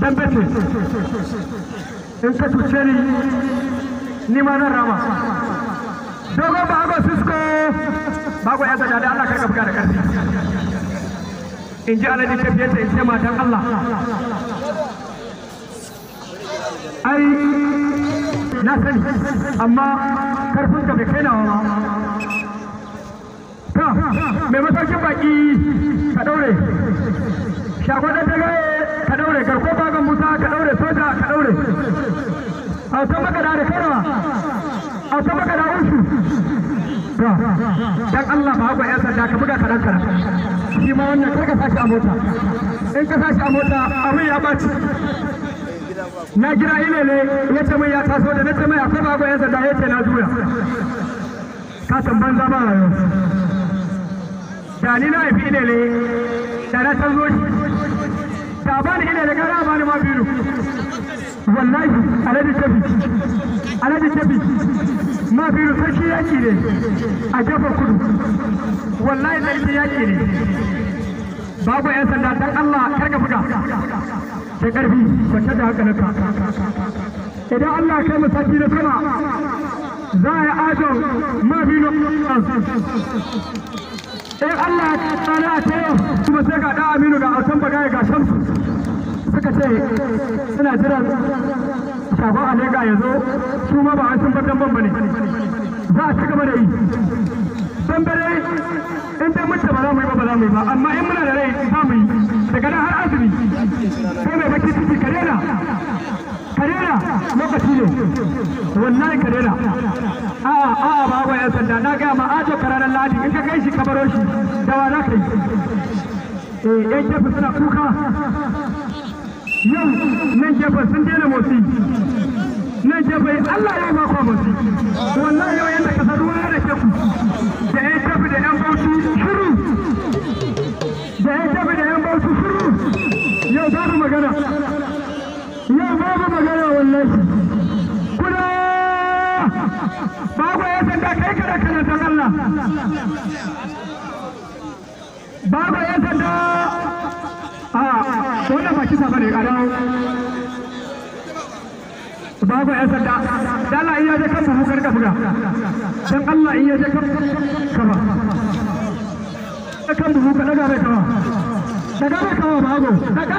dan bace in ka cuce ni ni ma zan rama dogon bago sisko bago ya gaja da Allah kai ka buga da karfi in ji alaji ta biyar in ce matan Allah ai na sani amma karfin ka bai kai nawa ka mai masaukin baki ka daure shagwadar da gaya daure garko bagan musa aka daure soja aka daure a san maka da karawa a san maka da ushu dan Allah ba ku yan sanda ka buga karan karan shi ma wannan karka sashi a mota in ka sashi a mota abin ya baci na gira ilele ya ce mai ya taso da na ce mai akwai bago yan sanda ya ce na juya ka san banza ba rayuwa da ni na haifi ilele da na san zo shabani ina da ba ni ma biyu wallahi alhaji tabi. alhaji tabi. ma biyu sarki yaki ne a jafar kudu wallahi sarki yaki ne babu yan sanda dan Allah karka buga da karfi kwanta da hankalinka idan Allah kai mu sarki na sama za a yi ajo ma biyu Eh Allah ya tsana a ta yau kuma sai ga da Aminu ga Alkan Bagaya ga Shamsu suka ce suna jiran Shafa Alega ya zo su ma ba sun bar damban bane za a ci gaba da yi dambare in dai mutu ba za mu yi ba ba za mu yi ba amma in muna da rai za mu yi daga nan har azumi kai mai baki ciki karela karela lokaci ne wallahi karela A'a, a'a ba wa yan sanda na gaya ma a ajo karanan ladi in ka kai shi ka baro shi da wa za ka yi eh yan gefe suna kuka yau nan jefa sun daina motsi nan gefe Allah ya yi mako motsi wallahi yau yanda ka saru da ke ku da yan gefe da yan bauchi shiru da yan gefe da yan bauchi shiru yau babu magana yau babu magana wallahi ya kira karatun Allah ya sanda a ah, wannan ba kisa bane a dawo ya sanda dala iya je kan buhu karka buga dan Allah iya je kan kaba kan buhu ka daga mai kawa daga mai kawa bago daga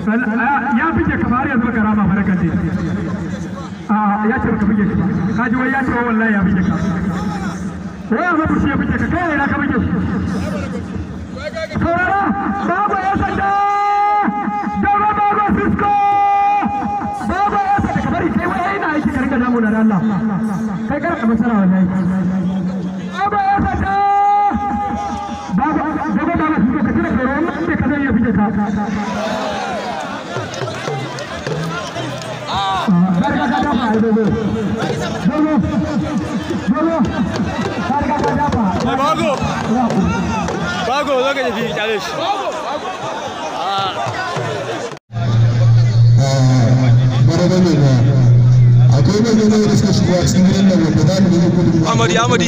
ya fike kamar yanzu baka rama fara kan a ya ce baka fike ka ji wai ya ce wallahi ya fike ka wai ya ka kai ina ka fike saurara babu ya sanda gaba babu sisko babu ya sanda kamar kai wai ina aiki ka damu da Allah kai kar ka masara wallahi babu ya sanda babu gaba babu sisko ka tira kai wai mun ka zai ya fike ka bago bago zo ka tafi kyale shi da suka shigo a cikin gidan amadi amadi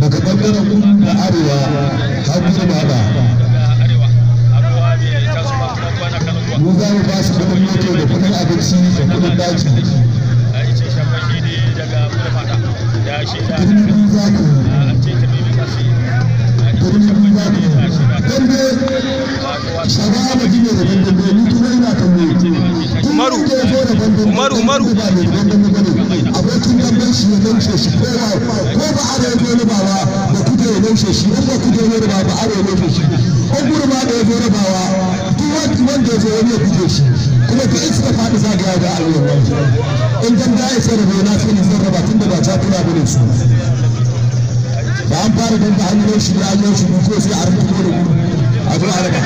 daga bangaren kudu da arewa har mu za mu ba su kudin moto da kuɗin abinci da kudin daji turmi za ku turmi za ku dambe shagara ba jini da dambe ni kuma ina kallo umaru umaru umaru abokin dambe shi ne nan shi kowa sarrafa yana sai ne sarrafa tun da ba ta kula bane su ba an fara don ta hanyar shi da hanyar shi ko sai a rubuta da gudu a zo a daga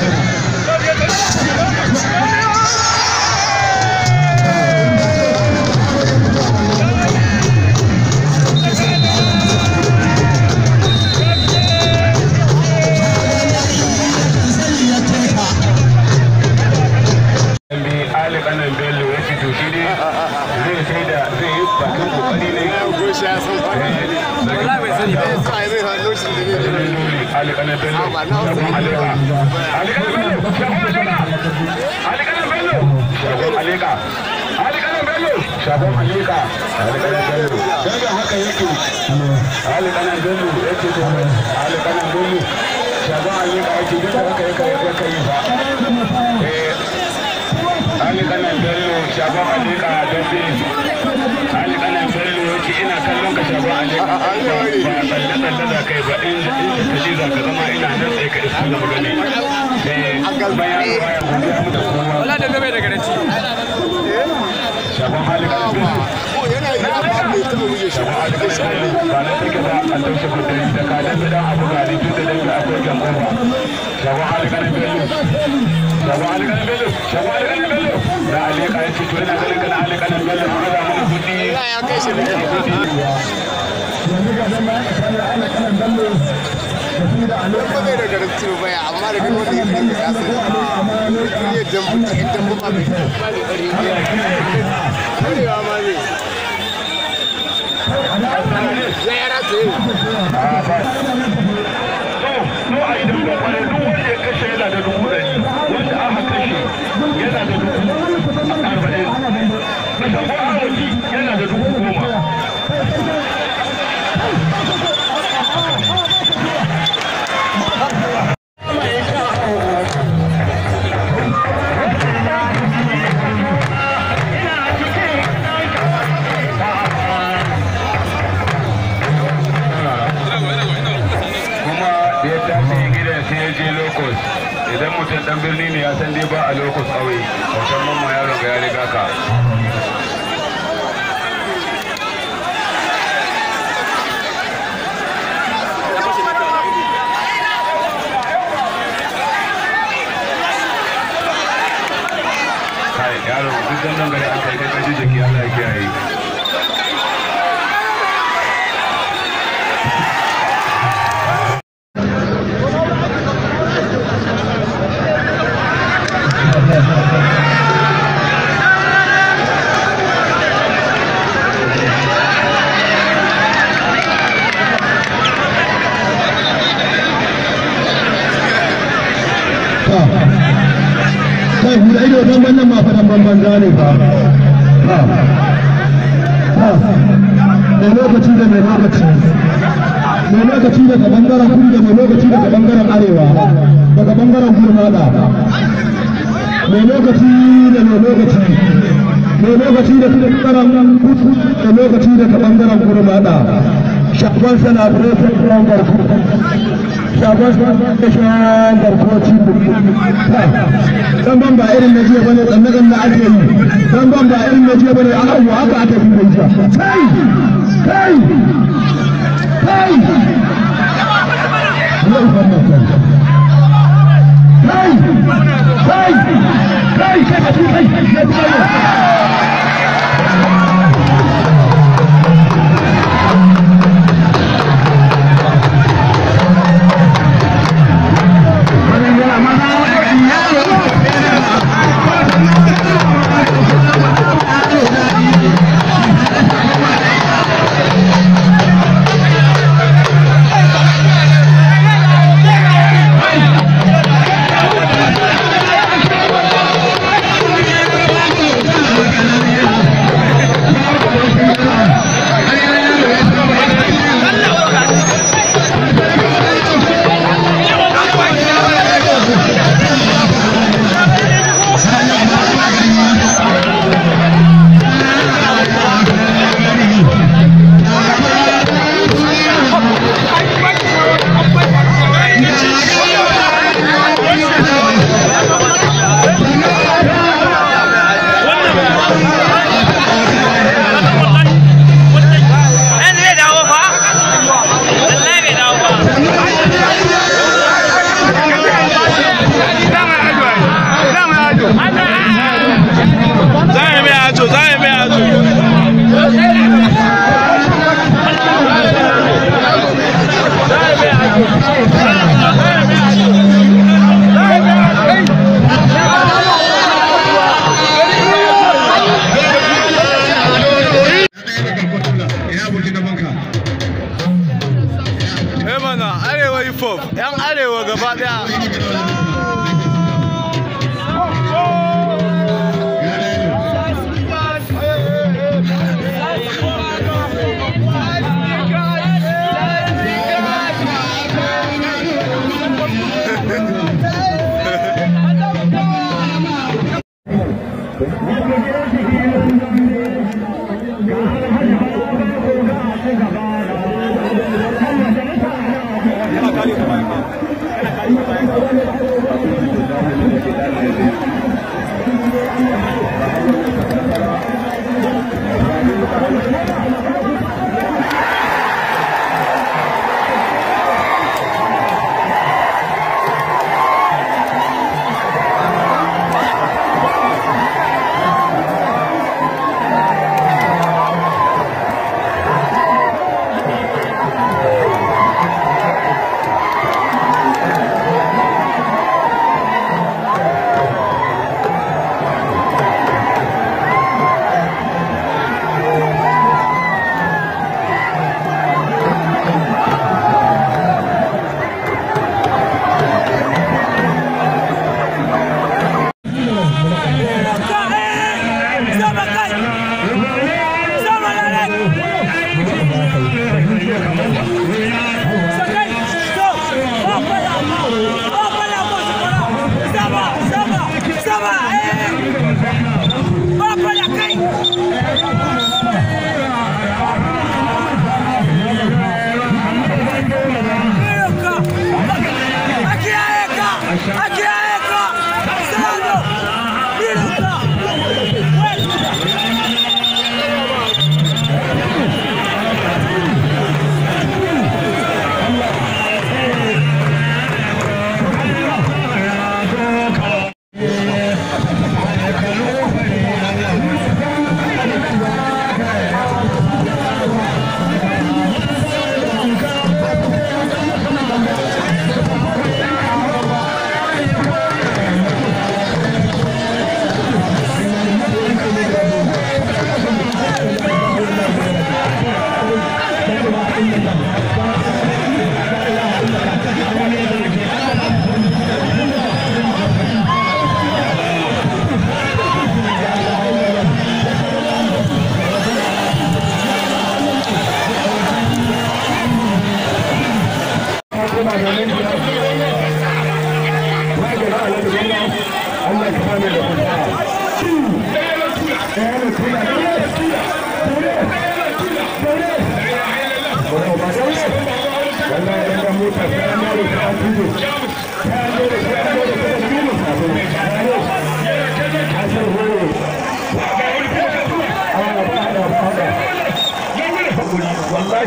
Ali Kanan Bello ya fito shi ne zai sai da bakin kokari ali kana shagon shagon shagon alika don fi alika na fara lokaci ina kallon ka shagon alika ba tsalle tsalle za kai ba in ka za ka zama ina nan tsaye ka isa na magani eh, wala da gabe da garanti shagon alika oh, yana yi a ba mai taba wuce shagon alika ba na take ba a taushe kudin da kalan da abu gari tun da dangi akwai gangon ba shagon alika na shabu alƙalin bello shabu alƙalin bello da alika ya ce to yana ganin baya amma da duk wanda ya ne ne ne ne dan birni ne ya san dai ba a lokacin kawai wancan mamma yaron ga ya riga ka yaron duk dan gari an kai kai kashi jiki Allah ya kiyaye wallahi ido don wannan ma fadan banban zane fa mai lokaci da mai lokaci mai lokaci daga bangaren kudu da mai lokaci daga bangaren arewa daga bangaren gurmada mai lokaci da mai lokaci mai lokaci da bangaren kudu da lokaci daga bangaren shagon sana furofin ɗan garko shagon sana da shan garkoci ɗan ba irin na jiya bane tsanne tsanne ake yi ɗan ban ba irin na jiya bane an abu haka aka fi bai jiya kai kai kai kai kai kai kai kai kai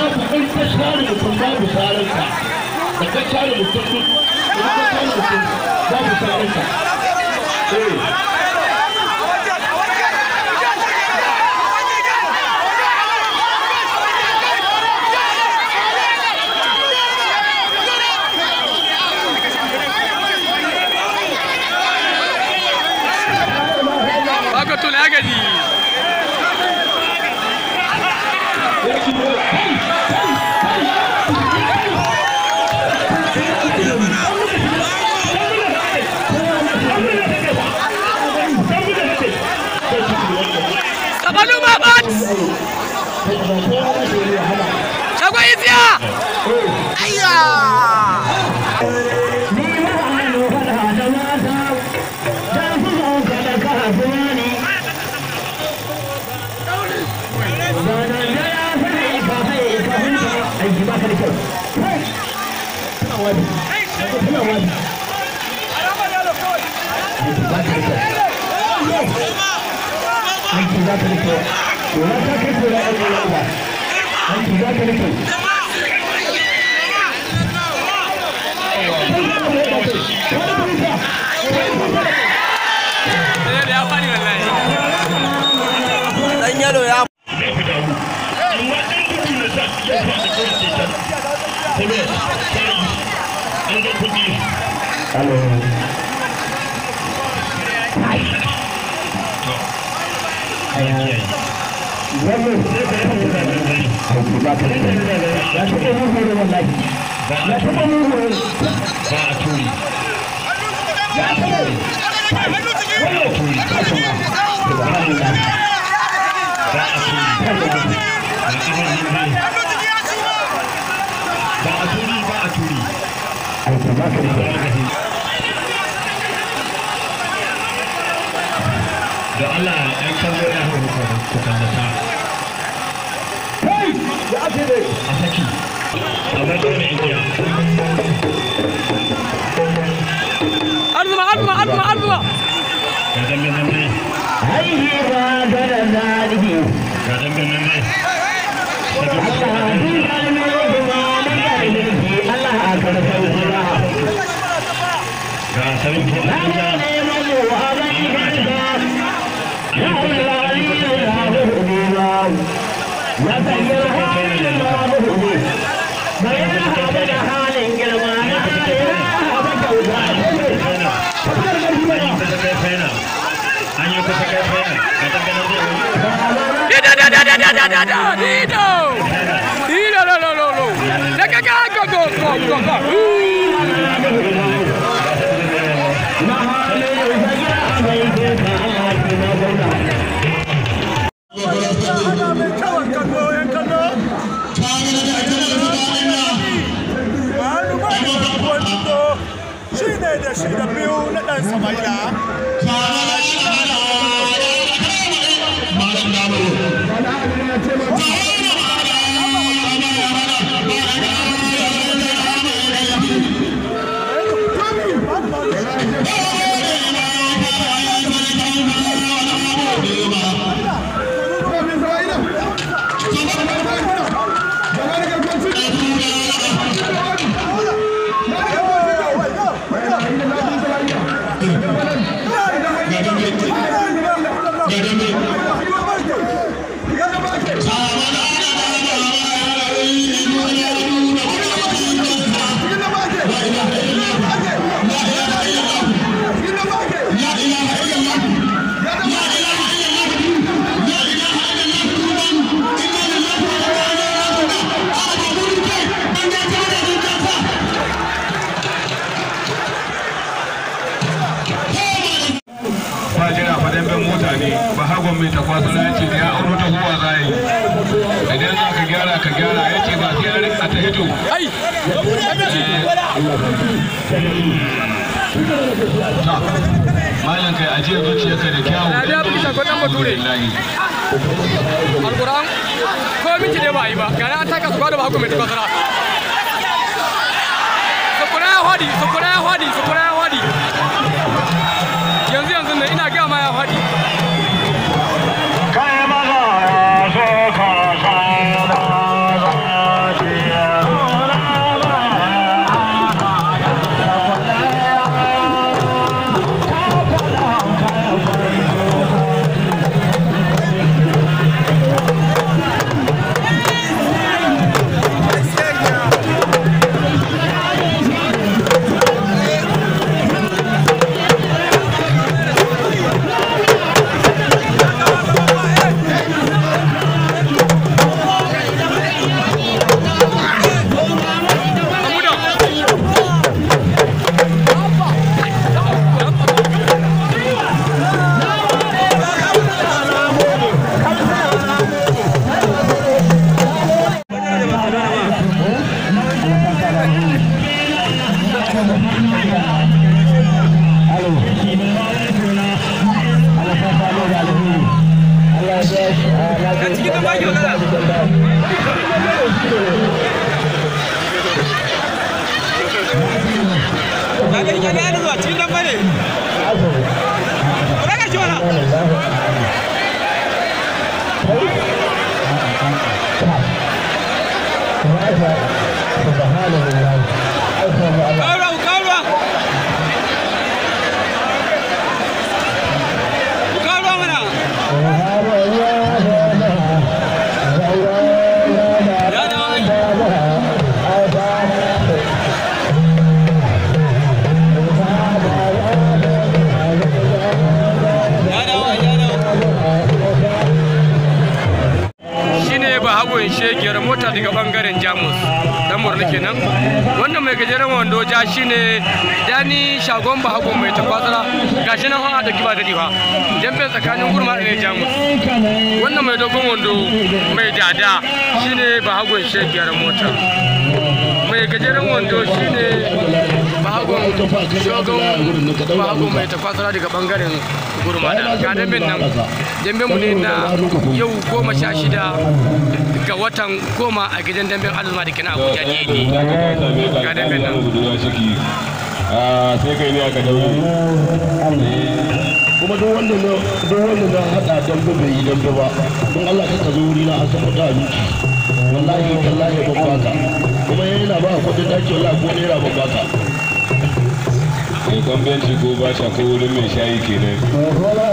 babu in ka share mutum babu sharanka da ka share mutum babu sharanka aiki za ta ya Hallo. Ba a da kallo ya hau ku a Dino! Dino, no, no, no, no! Go, go, go, go, go! Ooh. Florida. wannan kai ajiyar zuciyarka da kyawu da ne ba yi ba ga an taka da ba ya hadi sakura ya hadi wanda shine dani shagon ba bahagon mai takwasara gashi nan a da kiba dadi fa jambe tsakanin gurma da jamus wannan mai dogon wando mai dada shine shi biyar mota mai gajeren wando shine bahagon ba bahagon mai takwasara daga bangaren gurmana ga dambin nan dambin mu ne na yau goma sha shida ga watan goma a gidan dambin alzuma da kina abuja ne ne ga dambin nan sai kai ne aka dawo kuma duk wanda na duk wanda na hada dambe bai yi dambe ba don Allah ka ka zo wuri na asa kuɗa a duki wallahi tallahi babba ka kuma yana ba kuɗin daki wallahi ko naira babba ka Kokon benci ko ba sha ko wurin mai shayi kenan. Wallahi.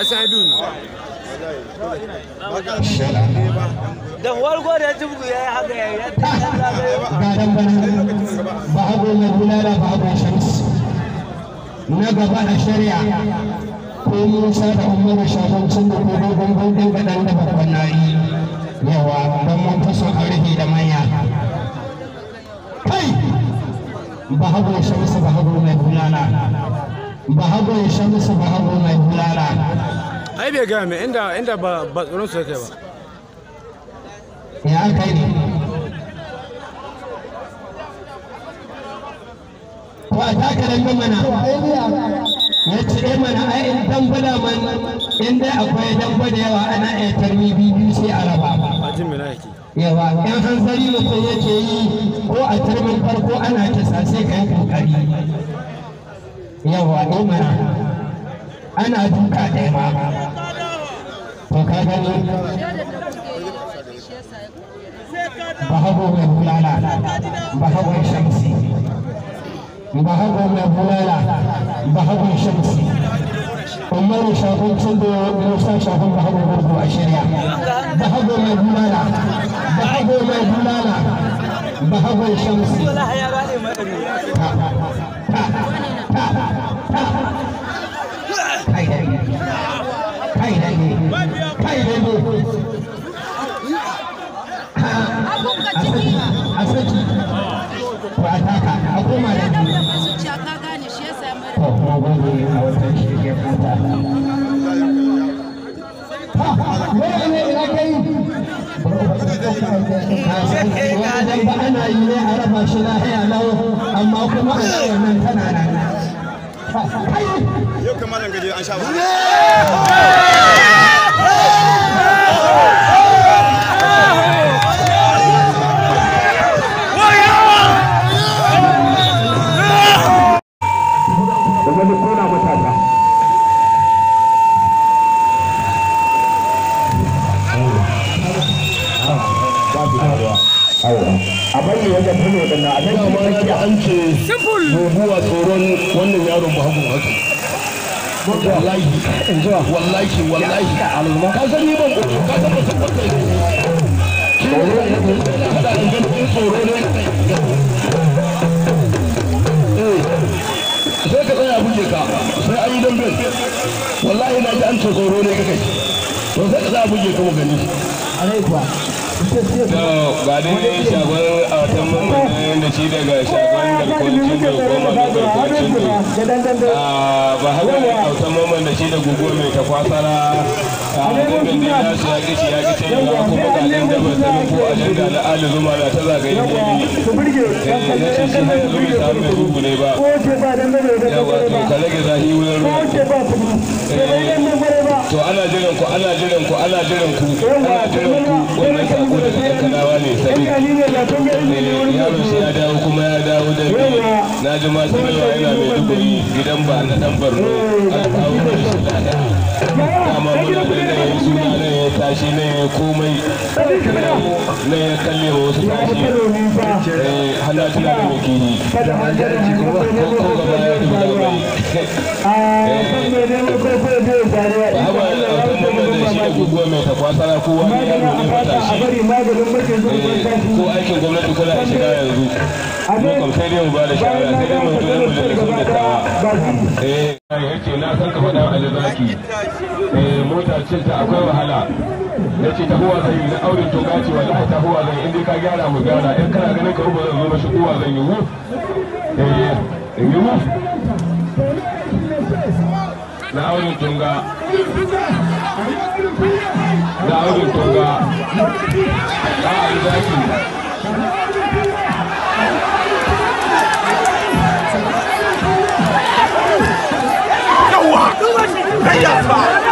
asadun da wargo da jibgu ya yi haka ya yi ba hagu mai bulala ba hagu shams gaba da shari'a ko musa da umaru shafancin da kogon gungun ɗin gaɗan da babban nari yawa don mun fi son da manya kai ba hagu shamsu ba bahago ya sha shamsu bahago mai hulala ai bai gaya mai inda inda ba ba tsoron su kai ba ya kai ne ko a taka da mana ya ce mana ai in dambala man in dai akwai damba da yawa ana iya tarmi biyu sai a raba ba jin mina yake yawa in hanzari mutum yake yi ko a tarmin farko ana ta sai ka yi kokari yawa goma eh ana duka ɗaya ma to ka gani bahago mai bulala bahagon shamsi bahago mai bulala bahagon shamsi umaru shagon cindo musa shagon bahago gurgu a shirya bahago mai bulala bahago mai bulala bahagon shamsi wannan ana yi ne a raba shi lahiya lau amma kuma a wannan tana nan yau kamar an gaje an sha ba in zuwa wallahi wallahi ka alma ka san ni ban ka san ne ne eh, sai ka tsaya ka sai an yi dambe wallahi na ji an ce tsoro ne to sai ka tsaya ka mu gani kuwa ba dai shagon a watan mamman shi daga shagon da ba haka ne a da shi da ta kwasara da ya shi ya ko na zuma ta eh, shi shi yanzu ne ba ka ruwa eh, to ana jiran ku ana jiran ku ana jiran ku ana jiran ku wannan sako ko daga kankanawa ne sani yaro shi ya dawo kuma ya dawo da na ji masu yawa yana mai duburi gidan ba na dan barno eh, an kawo shi lada dama muna ne ya suna ne ya tashi ne ya komai ne ya kalle wasu tashi hana tana da mai kiri ko gaba ya rufe da bai ba haba kan mamaye da shi da guguwa mai takwasara kowa ne ya rufe matashi ko aikin gwamnati kula a shiga yanzu mu sai dai mu ba da shawara sai dai mu zo da majalisun da ta eh yake na san ka faɗa alzaki cinta akwai wahala na ce ta huwa zai na to ta huwa zai in ka gyara mu gyara in kana ganin ka zo yi eh yi na na na